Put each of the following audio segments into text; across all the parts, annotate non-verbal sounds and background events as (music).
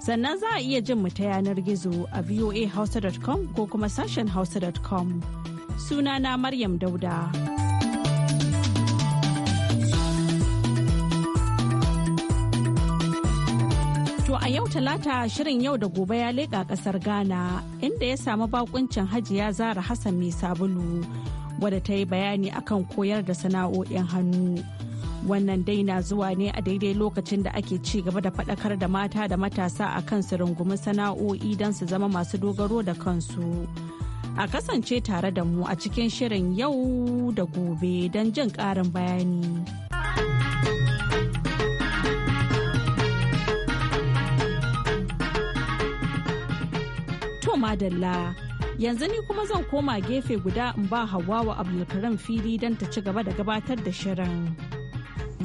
Sannan za a iya jin mu ta yanar gizo a voahausa.com ko kuma sashen hausa.com. Sunana Maryam Dauda. To a yau talata shirin yau da gobe ya leƙa ƙasar Ghana inda ya samu bakuncin hajiya Zara Hassan mai sabulu wadda ta yi bayani akan koyar da sana'o'in hannu. Wannan dai na zuwa ne a daidai lokacin da ake ci gaba da faɗakar da mata da matasa a kan su rungumi sana'o'i don su zama masu dogaro da kansu. A kasance tare da mu a cikin shirin yau da gobe don jin ƙarin bayani. To madalla. yanzu ni kuma zan koma gefe guda in ba wa abdulkarim fili don ta ci gaba da gabatar da shirin.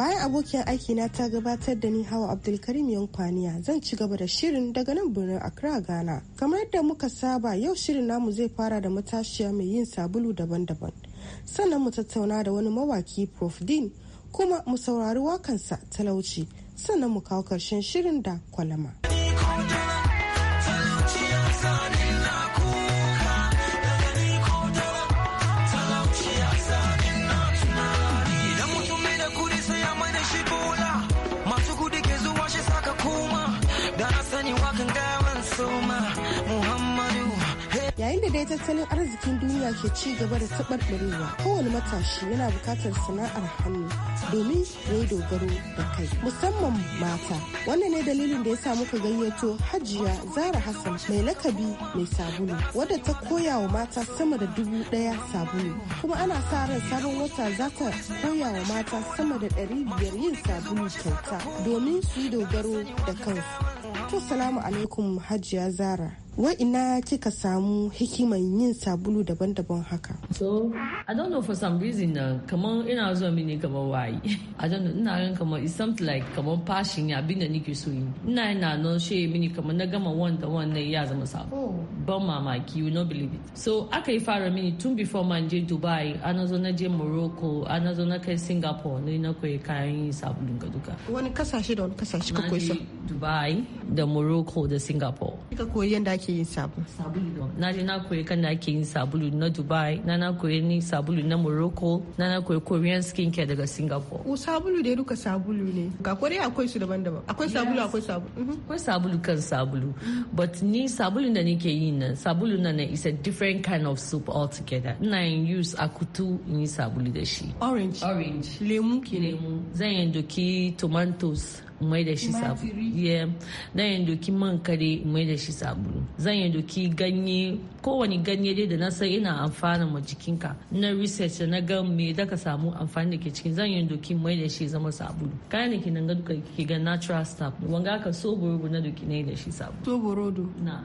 Bayan abokiyar na ta gabatar da ni hawa Abdulkarim Yankwaniya zan ci gaba da shirin daga nan birnin Accra Ghana. Kamar yadda muka saba yau shirin namu zai fara da matashiya mai yin sabulu daban-daban. Sannan mu tattauna da wani mawaki Prof Dean kuma mu saurari wakansa talauci sannan mu kawo karshen shirin da kwalama. kai tattalin arzikin duniya ke ci gaba da taɓarɓarewa kowane matashi yana bukatar sana'ar hannu domin ya dogaro da kai musamman mata wannan ne dalilin da ya sa muka gayyato hajiya zara hassan mai lakabi mai sabulu wadda ta koya wa mata sama da dubu daya sabulu kuma ana sa ran sabon wata za ta koya wa mata sama da ɗari biyar yin sabulu kyauta domin su yi dogaro da kansu to salamu alaikum hajiya zara wa'ina kika samu hikiman yin sabulu daban-daban haka so i don't know for some reason na uh, kamar ina zuwa mini kamar wayi (laughs) i don't know ina ran kamar it's something like kamar passion ya abin da nake so yi ina yana nan she mini kamar na gama one na ya zama sabu. Oh. ban mamaki you no believe it so aka yi fara mini tun before man je dubai ana zo na je morocco ana zo na kai singapore ne na koyi kayan yin sabulu ga duka wani kasashe da wani kasashe ka koyi dubai da morocco da singapore ka koyi yanda ake yin sabulu na je na koyi kan da ake yin sabulu na dubai na na koyi ni sabulu na morocco na na koyi korean skin care daga singapore o sabulu dai duka sabulu ne ga kore akwai su daban-daban akwai sabulu akwai sabulu mhm. akwai sabulu kan sabulu mhm. but ni sabulu da nake yi nan sabulu na na is a different kind of soup altogether na yin use akutu in yi sabulu da shi orange orange lemu ki lemu zan yi doki tomatoes mai da shi sabulu na yin doki man kare mai da shi sabulu zan yi doki ganye kowane ganye dai da na san ina amfana ma jikinka na research na ga me da ka samu amfani da ke cikin zan yi doki mai da shi zama sabulu kayan da ke nan ga duka ke ga natural stuff wanga ka soborodo na doki ne da shi sabulu soborodo na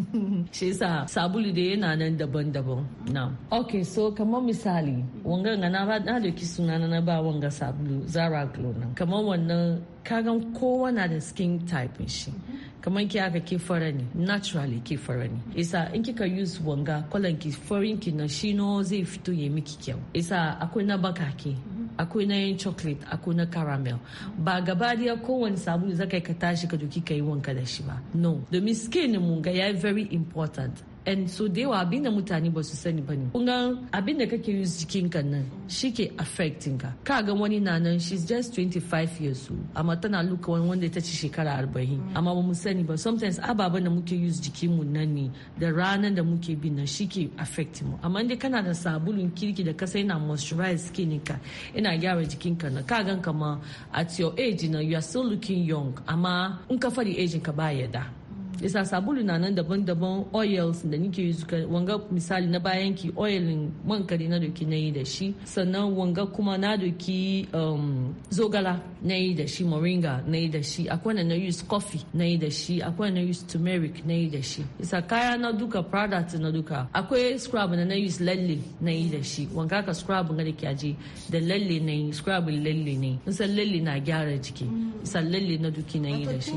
(laughs) shi sa sabulu da yana nan daban-daban na ok so kamar misali wanga na ba na doki sunana na ba wanga sabulu zara glow nan kamar wannan kagan kowa na da skin type shi kamar ki aka ke fara ne naturally ke fara ne isa in kika use wanga kwalan ki farin ki na shi no zai fito ya miki kyau isa akwai na bakake akwai na yin chocolate akwai na caramel ba gaba daya kowane sabulu zaka ka tashi ka doki ka yi wanka da shi ba no domin skin mun ga ya very important and so da yawa abin da mutane ba su sani ba ne kungan abin da kake yi jikin ka nan shi ke affecting ka ka ga wani na nan she's just 25 years old amma tana luka wani wanda ta ci shekara 40 amma ba mu sani ba sometimes ababen da muke use jikin mu nan ne da ranar da muke bi nan shi ke affect mu amma dai kana da sabulun kirki da kasa yana moisturize skin ka ina gyara jikin ka na ka gan kama at your age na you are still looking young amma in ka fari age ka ba da isa sabulu na nan daban-daban oils da nike yi wanga misali na bayan ki oilin man kare na doki na yi da shi sannan wanga kuma na doki um, zogala na yi da shi moringa na yi da shi akwai na na use coffee na yi da shi akwai na use turmeric na yi da shi isa kaya na duka product na duka akwai scrub na na use lalle na yi da shi wanga ka scrub na da kyaje da lalle na yi scrub lalle ne nisan lalle na gyara jiki sallalle na duki na yi da shi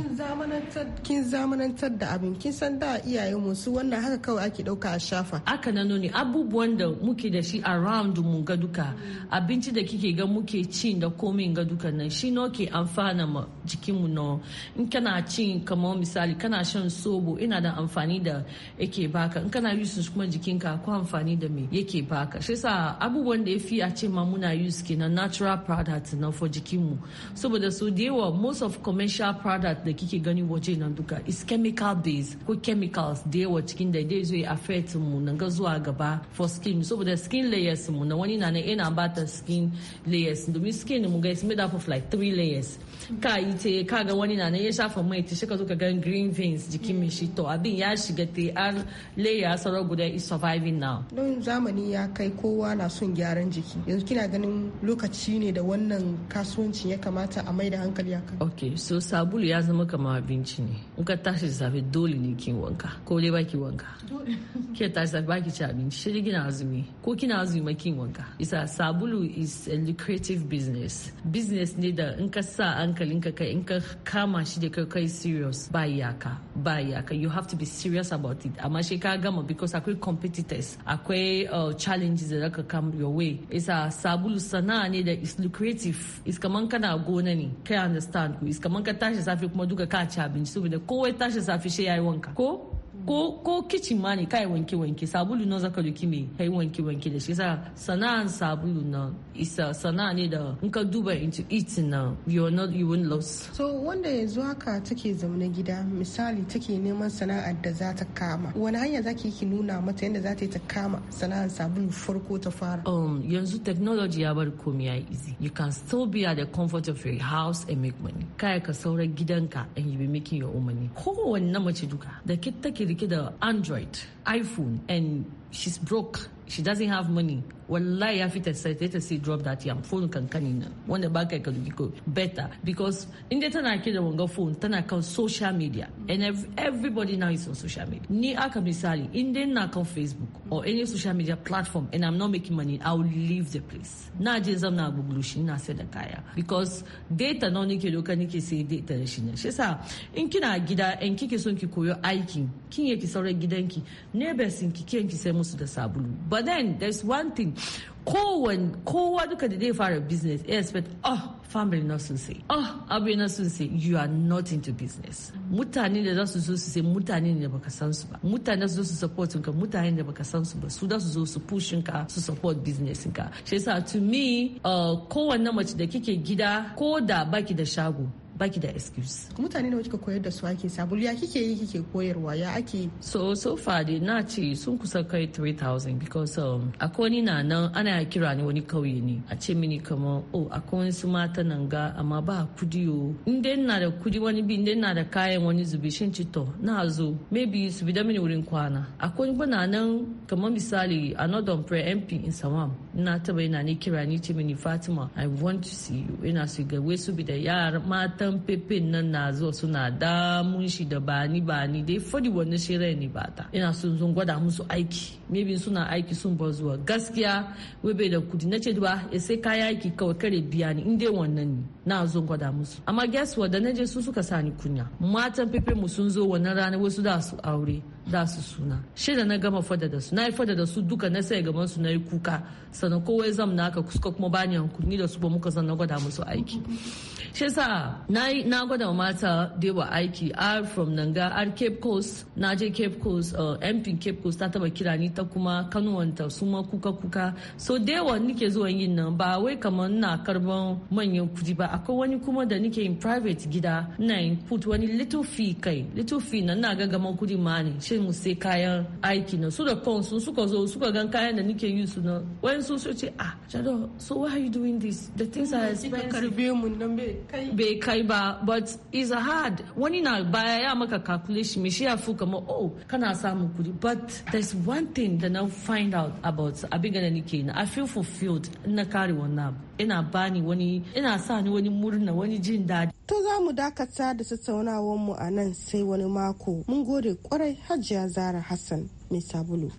kin zamanantar da abin kin san da iyayen mu su wannan haka kawai ake ɗauka a shafa aka na nuni abubuwan da muke da shi around mu ga duka abinci da kike ga muke cin da komin ga duka nan shi no ke amfana ma jikin mu no in kana cin kamar misali kana shan sobo ina da amfani da yake baka in kana use kuma jikinka ko amfani da me yake baka shi sa abubuwan da ya fi a ce ma muna use kenan natural product na for jikin mu saboda su da yawa most of commercial product da kike gani waje nan duka is chemical based ko chemicals da yawa cikin da dai zai affect mu nan ga zuwa gaba for skin saboda skin layers mu na wani na ina yana bata skin layers domin skin mu ga is made up of like three layers ka yi ce ka ga wani na na ya shafa mai ta shika zo ka gan green veins jikin mai shi to abin ya shiga te an layer sauran guda is surviving now don zamani ya kai kowa na son gyaran jiki yanzu kina ganin lokaci ne da wannan kasuwanci ya kamata a mai da hankali haka ok so sabulu ya zama kamar abinci ne in ka tashi da safe dole ne kin wanka ko dai baki wanka (laughs) ke tashi safe baki ci abinci shi kina azumi ko kina azumi ma kin wanka isa sabulu is a lucrative business business ne da in ka sa ka kai in ka kama shi da kai kai serious ba iyaka ba iyaka you have to be serious about it amma shi ka gama because akwai competitors akwai uh, challenges da zaka come your way isa sabulu sana'a ne da is lucrative is kaman kana gona ne kai understand stand ku kamar ka tashi safe kuma duka ka ci abinci saboda kowa tashi safe shi yayi wanka ko ko kicin ma ne kai wanke wanke sabulu na zaka doki me kai wanke wanke da shi sana'an sabulu na isa sana'a ne da in ka duba into it na you are not you lost so wanda yanzu haka take zaune gida misali take neman sana'ar da za ta kama wani hanya zaki ki nuna mata yadda za ta yi ta kama sana'ar sabulu farko ta fara um yanzu technology ya bar komai ya easy you can still be at the comfort of your house and make money kai ka saurar gidanka and you be making your own money kowanne mace duka da ke take rike da android iphone and she's broke she doesn't have money wallahi fit fita Let us say, drop that I'm phone kankani nan in. When the bank duki go better because in time I ke da go phone I kan social media and everybody now is on social media ni aka misali inda na kan facebook or any social media platform and i'm not making money i will leave the place na jesa na guglushi na sai kaya because data na ni doka kani sai data da shi ne sa in kina gida in kike ki koyo aikin kin yake sauran gidanki ne musu da sabulu but then there's one thing kowane kowa duka da zai fara business ya expect oh family na sun sai oh ah, abu na sun sai you are not into business mutane da za su zo su sai mutane da baka san su ba mutane su zo su support ka mutane da baka san su ba su da su zo su push ka su support business ka shi yasa to me uh, kowanne mace da kike gida ko da baki da shago baki da excuse mutane ne kika koyar da su ake sabulu ya kike yi kike koyarwa ya ake so so far dai na ce sun kusa kai 3000 because um, akwai na nan ana kira ni wani kauye ne a ce mini kamar oh akwai su mata nan ga amma ba kudi o Inde na da kudi wani bi inde na da kayan wani zubi shin ci na zo maybe su bi da mini wurin kwana akwai na nan kamar misali anodon prayer mp in samam na taba yana ne kira ni ce mini fatima i want to see you ina su ga wai su bi da yara matan yan pepen nan na zuwa suna damun shi da bani bani dai fadi wani shirai ne ba ta ina sun sun gwada musu aiki maybe suna aiki sun bar zuwa gaskiya wai da kudi na ce ba ya sai kaya aiki kawai kare biya ni in dai wannan ne na zo gwada musu amma guess what da na je su suka ni kunya matan pepin mu sun zo wannan rana wasu da su aure da su suna shi da na gama fada da su na yi fada da su duka na sai gaban su na yi kuka sannan kowai zam naka ka suka kuma bani hankuri da su ba muka zan na gwada musu aiki shi sa na gwada mata da yawa aiki r from nanga r cape coast na je cape coast uh, mp cape coast ta taba kira ni ta kuma kanuwanta su ma kuka kuka so da yawa nike zuwa yin nan ba wai kamar na karban manyan kudi ba akwai wani kuma da nike in private gida na in put wani little fee kai little fee na na ga gaman kudi ma ne shi mu sai kayan aiki na su da kansu suka zo suka gan kayan da nike yi su na wayan su ce ah jado so why are you doing this the things are expensive karbe bai kai ba but is hard wani na baya ya maka calculation me shi ya fi kama oh kana samun kudi but there's one thing da na find out about abin gana nake na I feel fulfilled na kare wannan ina bani wani ina sa ni wani murna wani jin daɗi. To za mu dakata da tattaunawar mu a nan sai wani mako mun gode kwarai Hajiya Zara Hassan mai sabulu.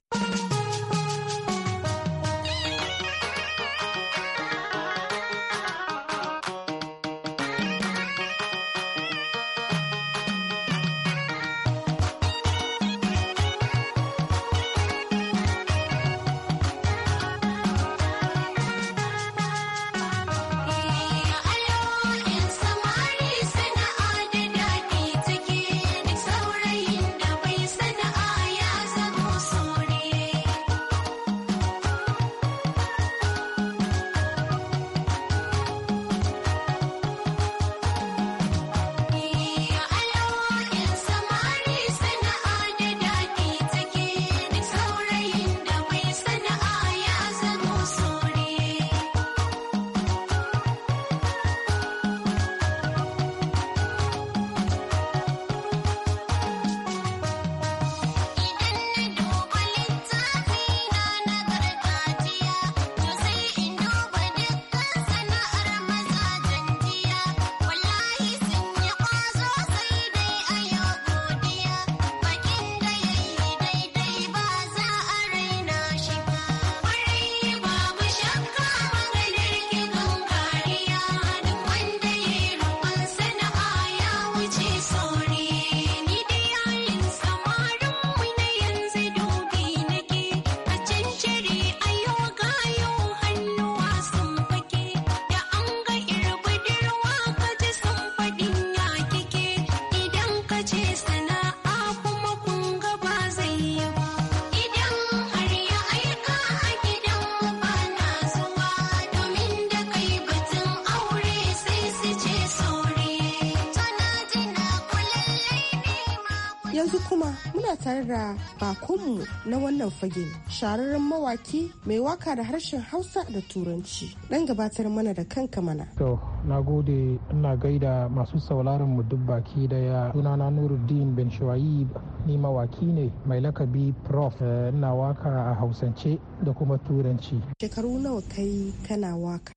tare da bakonmu na wannan fagen. shahararren mawaki mai waka da harshen hausa da turanci dan gabatar mana da kanka mana to na gode ina gaida masu sauraron mu duk baki daya sunana nuruddin bin shawayi ni mawaki ne mai lakabi prof eh, ina waka a hausance da kuma turanci shekaru nawa kai kana waka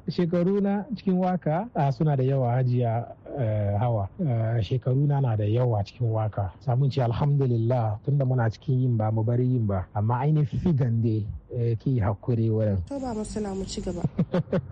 (laughs) shekaru na cikin waka suna da yawa hajiya eh, hawa eh, shekaru na na da yawa cikin waka samun ce alhamdulillah tunda muna cikin yin ba mu bari yin ba amma ainihin figan dai Eh, ki hakuri wurin. To ba suna mu ci gaba.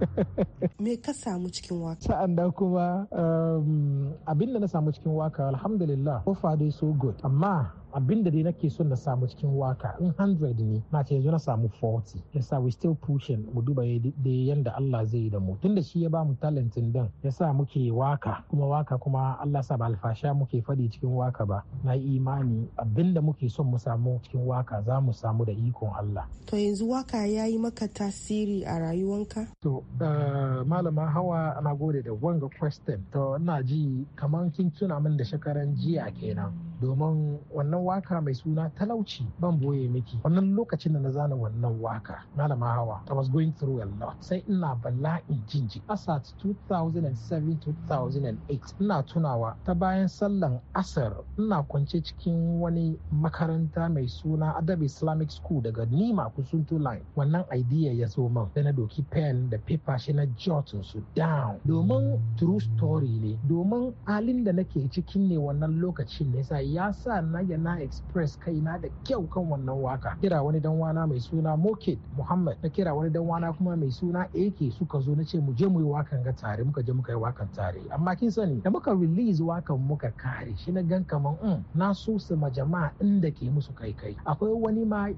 (laughs) Me ka samu cikin waka? Sa'an da kuma um, abin da na samu cikin waka alhamdulillah so far dai so good amma abin da dai nake son na samu cikin waka in 100 ne na ce yanzu na samu 40 yasa we still pushing mu duba da yanda Allah zai yi da mu tunda shi ya ba mu talentin din yasa muke waka kuma waka kuma Allah sa ba alfasha muke fadi cikin waka ba na yi imani abin da muke son mu samu cikin waka za mu samu da ikon Allah to yanzu waka ya yi maka tasiri a rayuwanka? To, eh, malama hawa na gode da wanga question. To, ina ji kamar kin tuna min da shekaran jiya kenan. domin wannan waka mai suna talauci ban boye miki wannan lokacin da na zana wannan waka malama hawa I was going through a lot sai ina bala'in jinji asat 2007-2008 ina tunawa ta bayan sallan asar ina kwance cikin wani makaranta mai suna adab islamic school daga nima kusuntu line wannan idea ya zo man da na doki pen da paper shi na jotun su down domin true story ne domin halin da nake cikin ne wannan lokacin ne sai ya sa na yana express kaina da kyau kan wannan waka kira wani dan wana mai suna moket muhammad na kira wani dan wana kuma mai suna ak suka zo na ce mu je mu yi wakan ga tare muka je muka yi wakan tare amma kin sani da muka release wakan muka kare shi na gan kaman um na so su ma jama'a inda ke musu kai kai akwai wani ma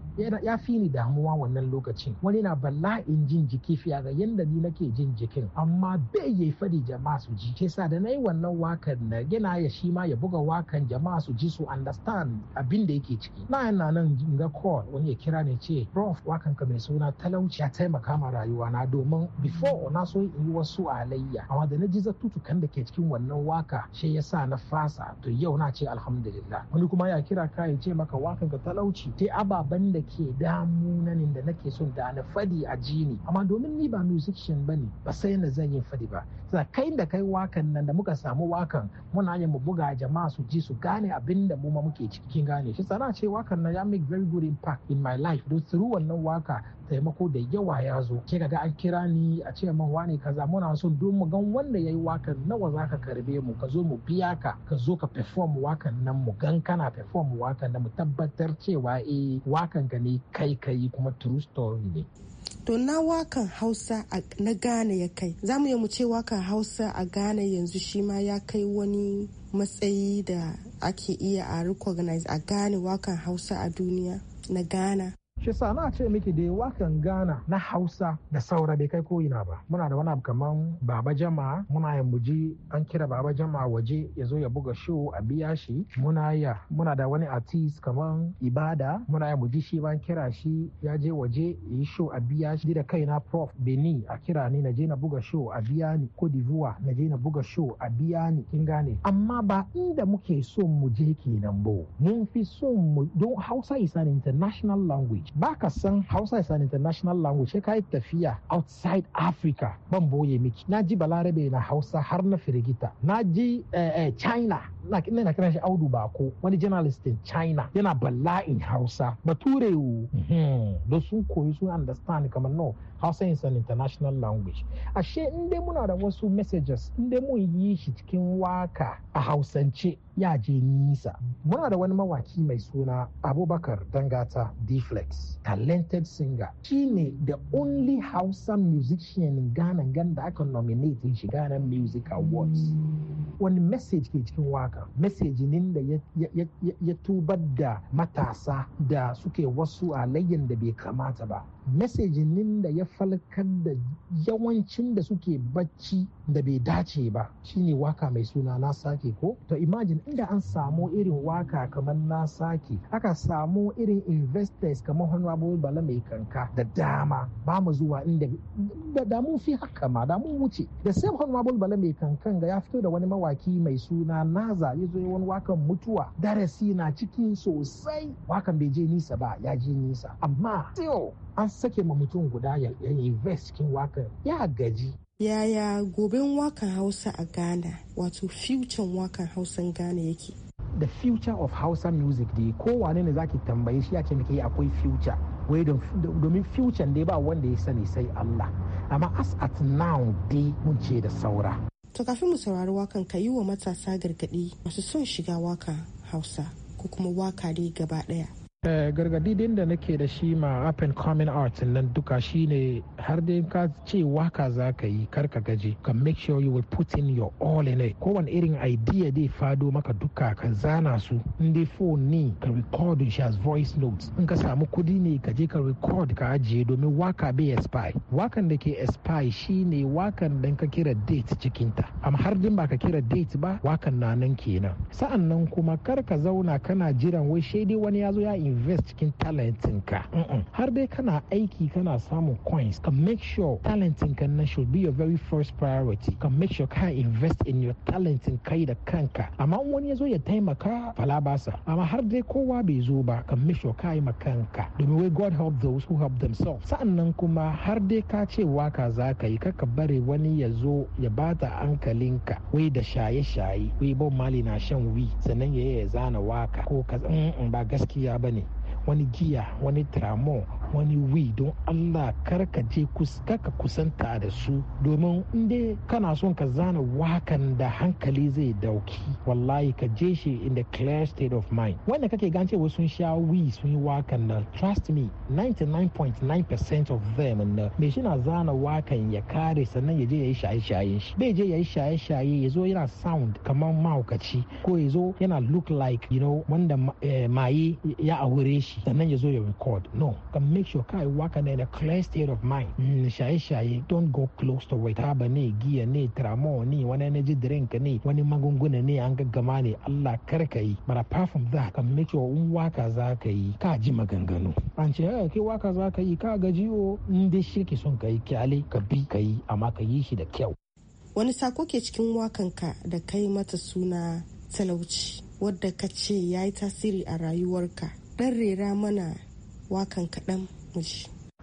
ya fi ni damuwa wannan lokacin wani na bala'in jin jiki fiya ga yanda ni nake jin jikin amma bai yi fadi jama'a su ji ke sa da na yi wannan wakan na gina ya shi ma ya buga wakan jama'a su ji su understand abin da yake ciki na yana nan ga call wani ya kira ne ce prof wakan ka mai suna talauci ya taimaka ma rayuwa na domin before na so in yi wasu alayya amma da na ji zattutukan da ke cikin wannan waka shi yasa na fasa to yau na ce alhamdulillah wani kuma ya kira ka ya ce maka wakan ka talauci te ababen da ke damuna ne da nake son da na fadi a jini amma domin ni ba musician bane ba sai na zan yi fadi ba kai da kai wakan nan da muka samu wakan muna yin mu buga jama'a su ji su gane abin abin da mu ma muke cikin gane shi sana ce wakan na ya make very good impact in my life don through wannan waka taimako da yawa ya zo ke ga an kira ni a ce man wane kaza muna so don mu gan wanda yayi wakan nawa zaka karbe mu ka zo mu biya ka ka zo ka perform wakan nan mu gan kana perform wakar nan mu tabbatar cewa eh wakan ka ne kai kai kuma true story ne to na wakan hausa na gane ya kai za mu mu ce wakan hausa a gane yanzu shi ma ya kai wani matsayi da ake iya a recognize a gane wakan hausa a duniya na ghana shi sa na ce miki da kan gana na Hausa da saura bai kai ko'ina ba muna da wani abu kaman Baba Jama muna yin muji an kira Baba Jama waje ya zo ya buga show a biya shi muna ya muna da wani artist kamar Ibada muna yin muji shi ban kira shi ya je waje ya yi show a biya shi da kaina Prof Beni a kira ni na je na buga show a biya ni ko d'Ivoire na je na buga show a biya ni kin gane amma ba inda muke son mu je kenan bo mun fi son mu don Hausa is an international language ba ka san hausa is an international language sai ka yi tafiya outside africa ban boye miki na ji balarabe na hausa har na firgita na ji eh, eh, china na na kira shi audu bako wani journalist in china yana bala'in hausa bature hmm, da sun koyi sun understand kamar no hausa is an international language ashe in dai muna da wasu messages in dai mun yi shi cikin waka a hausance ya je nisa muna da wani mawaki mai suna abubakar dangata deflex talented singer shi ne the only hausa musician in ghana da aka nominate shiga ghana music awards wani message ke cikin waka message nin da ya tubar da matasa da suke wasu a layyan da bai kamata ba message nin da ya falkar da yawancin da suke bacci da bai dace ba shine waka mai suna na sake ko to imagine inda an samu irin waka kamar na sake aka samu irin investors kamar honorable bala mai kanka da dama ba mu zuwa inda da mu fi haka ma da mu wuce da same honorable bala mai kankan ga ya fito da wani mawa mawaki mai suna naza ya zo wani wakan mutuwa darasi na ciki sosai wakan bai je nisa ba ya je nisa amma tiyo an sake ma mutum guda ya invest cikin wakan ya gaji yaya goben wakan hausa a ghana wato future wakan hausan ghana yake the future of hausa music dai kowane ne zaki tambaye shi ya ce eh, akwai future wai domin future dai ba wanda ya sani sai allah amma as at now dai mun ce da saura To kafin mu saurari wakan ka yi wa matasa gargaɗi masu son shiga waka Hausa ko kuma waka dai gaba ɗaya. Eh, gargadi din da nake da shi ma up and coming art nan duka shine har dai ka ce waka za ka yi karka gaji ka make sure you will put in your all in it kowane irin idea dai fado maka duka ka zana su in dai phone ne ka record shi as voice notes in ka samu kudi ne ka je ka record ka ajiye domin waka bai expire wakan da ke expire shine wakan dan ka kira date cikinta amma har din ba ka kira date ba wakan na nan kenan sa'an nan kuma kar ka zauna kana jiran wai shaidai wani ya zo ya invest cikin talentinka har dai kana aiki kana samun coins ka make sure talentinka na should be your very first priority ka make sure ka invest in your talentin kai da kanka amma wani ya zo ya taimaka fala basa amma har dai kowa bai zo ba ka make sure ka yi kanka domin wai god help those who help themselves sa'annan kuma har dai ka ce waka za ka yi kaka bare wani ya zo ya bata hankalinka wai da shaye-shaye wai bon mali na shan wi sannan ya ya zana waka ko ka ba gaskiya ba ne. wani giya wani tramo wani wi don allah kar ka je ka kusanta da su domin inda kana son ka zana wakan da hankali zai dauki wallahi ka je shi in the clear state of mind wanda kake gan cewa sun sha wi sun yi wakan nan trust me 99.9% of them na me shi na zana wakan ya kare sannan ya je ya yi shaye shaye shi bai je ya yi shaye-shaye ya zo yana sound kamar mahaukaci ko ya zo yana look like you know wanda eh, maye ya aure shi sannan ya zo ya record no make sure kai waka na in a clear state of mind mm, shaye-shaye don't go close to it ne giya ne tramo ne wani energy drink ne wani magunguna ne an gaggama ne Allah kar ka yi but apart from that ka make sure in waka za ka yi ka ji maganganu an ce eh ke waka za ka yi ka gaji o oh. in dai shirki sun ka kyale ka bi ka yi amma ka yi shi da kyau wani sako ke cikin wakanka da kai mata suna talauci wadda ka ce ya yi tasiri a rayuwarka ɗan rera mana wakan kaɗan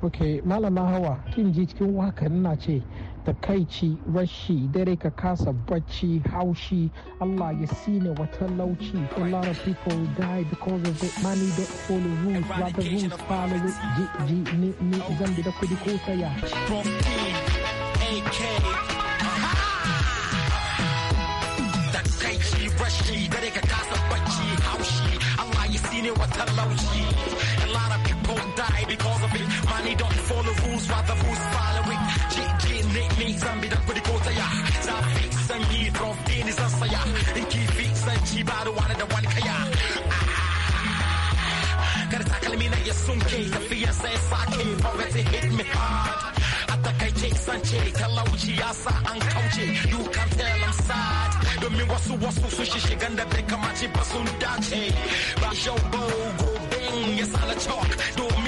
ok malama hawa kin ji cikin wakan na ce takaici rashi dare ka kasa bacci haushi Allah ya sine wata talauci a lot of people die because of it money don't follow rules rather rules follow it ji ji ni ni zambi da kudi ko saya rashi dare ka kasa ba na da walƙaya kar takalmi na ya sunke tafiyan sai sake poverty hit me hard a takaice sance talauci ya sa an kauce you can tell I'm sad domin wasu wasu su shi shigan da bai kamace ba sun dace ba yau ba gobe ya sa na chalk domin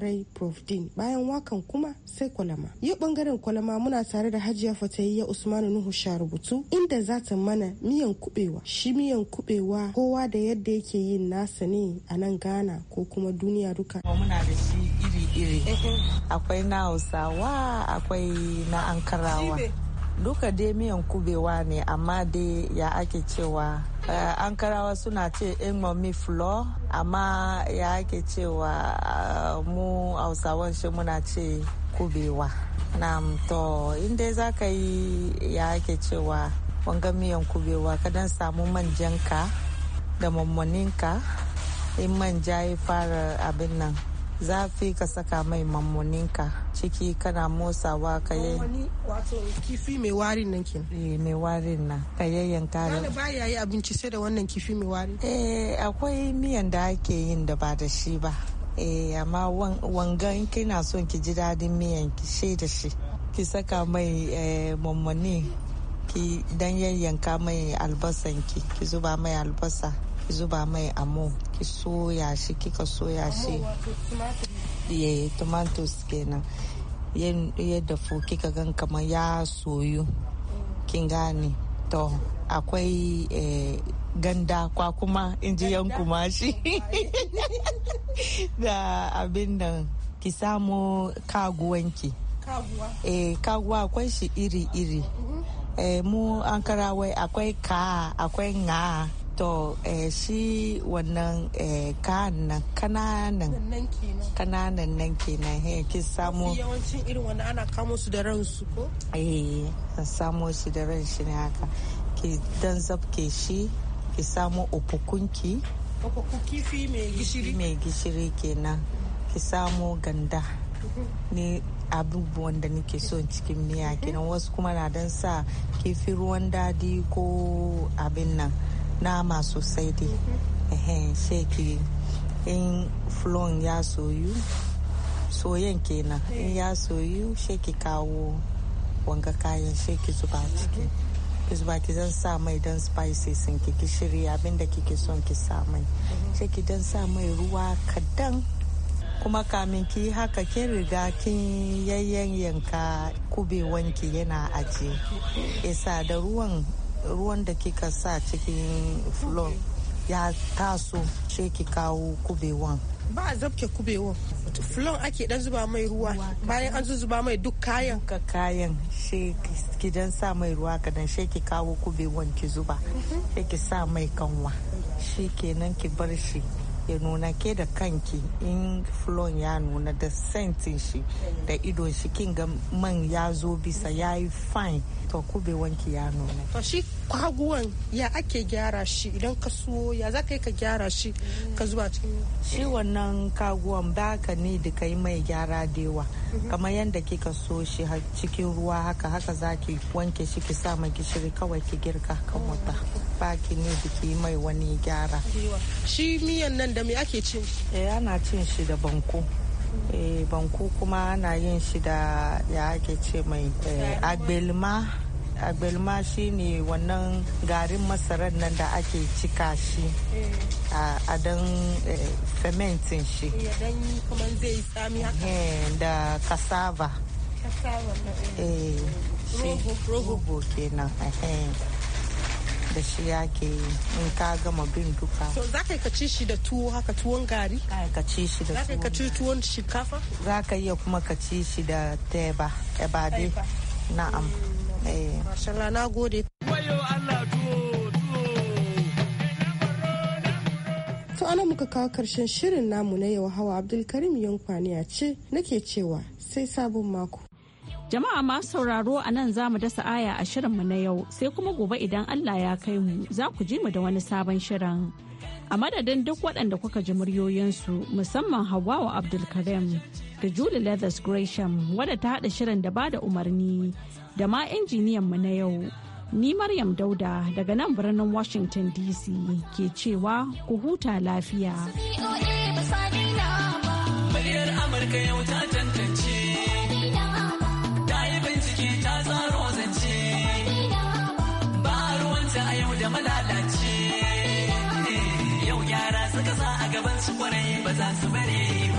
kwarai profdin bayan wakan kuma sai kwalama yau bangaren kwalama muna tare da hajiya fatayiya usmanu nuhu sharubutu inda za ta mana miyan kubewa shi miyan kubewa kowa da yadda yake yin nasa ne a nan ghana ko kuma duniya duka muna da shi iri-iri (laughs) akwai na hausawa akwai na duka dai miyan kubewa ne amma dai ya ake cewa uh, ankarawa suna ce in eh, mami flo amma ya ake cewa hausawan shi muna ce kubewa na to inda za ka yi ya ake cewa wanga miyan kubewa ka dan samu manjanka da mammaninka in manja ya fara abin nan zafi ka saka mai mammoninka ciki kana motsawa ka yi wato kifi mai warin nan ke eh mai warin nan ka yayyanka da ba ya yi abinci sai da wannan kifi mai warin eh akwai miyan da ake yin da ba da shi ba eh amma wangan kina son ki ji dadin miyan ki she da shi ki saka mai eh, mammani ki dan yayyanka mai albasan ki ki zuba mai albasa ki zuba mai amo ki soya shi kika soya shi ya eh, tomatoes kenan yadda fo kika gan kamar ya soyu kin gane to akwai eh, ganda kwa kuma yanku mashi (laughs) da abin nan ki samu kaguwanki kaguwa eh, kaguwa akwai shi iri-iri mm-hmm. eh, mu an karawai akwai ka akwai nga to shi wannan ka nan kananan kananan nan kenan he ki samu yawancin irin wannan ana kamo su da ransu ko eh samu su da ran shi ne haka ki dan zabke shi ki samu ufukunki kifi mai gishiri mai gishiri kenan ki samu ganda ni abubuwan da nake so cikin miya kenan wasu kuma na dan sa kifi ruwan dadi ko abin nan nama sosai dai ehe sheki in flon ya soyu soyen kenan in ya soyu sheki kawo wanga kayan sheki zuba ciki is ba ki zan sa mai don spices sun ki gishiri abin da kike son ki sa mai mhm. sai ki dan sa mai ruwa kadan kuma kamin ki haka kin riga kin yayyanka ki yana aje isa da ruwan ruwan da kika sa cikin flour ya taso sai ki kawo kubewan ba a zabke kubewa flon ake dan zuba mai ruwa bayan an zuba mai duk kayan ka kayan shi ki dan sa mai ruwa kadan shi ki kawo kubewan ki zuba mhm. shi ki sa mai kanwa shi kenan ki bar shi ya nuna ke da kanki in flon ya nuna da sentin shi da ido shi kin ga man ya zo bisa ya yi fine to kube wanki ya nuna to shi kwaguwan ya ake gyara shi idan ka suwo ya za ka yi ka gyara shi ka zuwa cikin shi wannan kaguwan baka ne da ka yi mai gyara da yawa kamar yadda kika so shi cikin ruwa haka haka za ki wanke shi ki sa mai gishiri kawai ki girka kan wata baki ne biki mai wani gyara shi miyan nan da me ake cin eh ana cin shi da banko eh banko kuma ana yin shi da ya ake ce mai eh, agbelma agbelma shi ne wannan garin masarar nan da ake cika shi eh. a eh, dan fermentin shi da kasava rogo kenan da shi yake in ka gama bin duka to za ka kaci shi da tuwo haka tuwon gari ka ci shi da tuwon ka ci tuwon shinkafa za ka iya kuma ka ci shi da teba teba dai na'am eh. mashallah na gode wayo Allah To ana muka kawo karshen shirin namu na yau hawa Abdulkarim Yankwaniya ce nake cewa sai sabon mako. Jama'a masu sauraro a nan za mu dasa aya a shirinmu na yau sai kuma gobe idan Allah ya kai mu za ku ji mu da wani sabon shirin. A madadin duk waɗanda kuka ji muryoyinsu musamman Hawwawa Abdulkarim da Julie Leathers Gresham wadda ta haɗa shirin da bada umarni da ma mu na yau. Ni Maryam Dauda daga nan birnin Washington DC ke cewa ku huta lafiya. Muryar Amurka yau ta su kwarai ba za su bare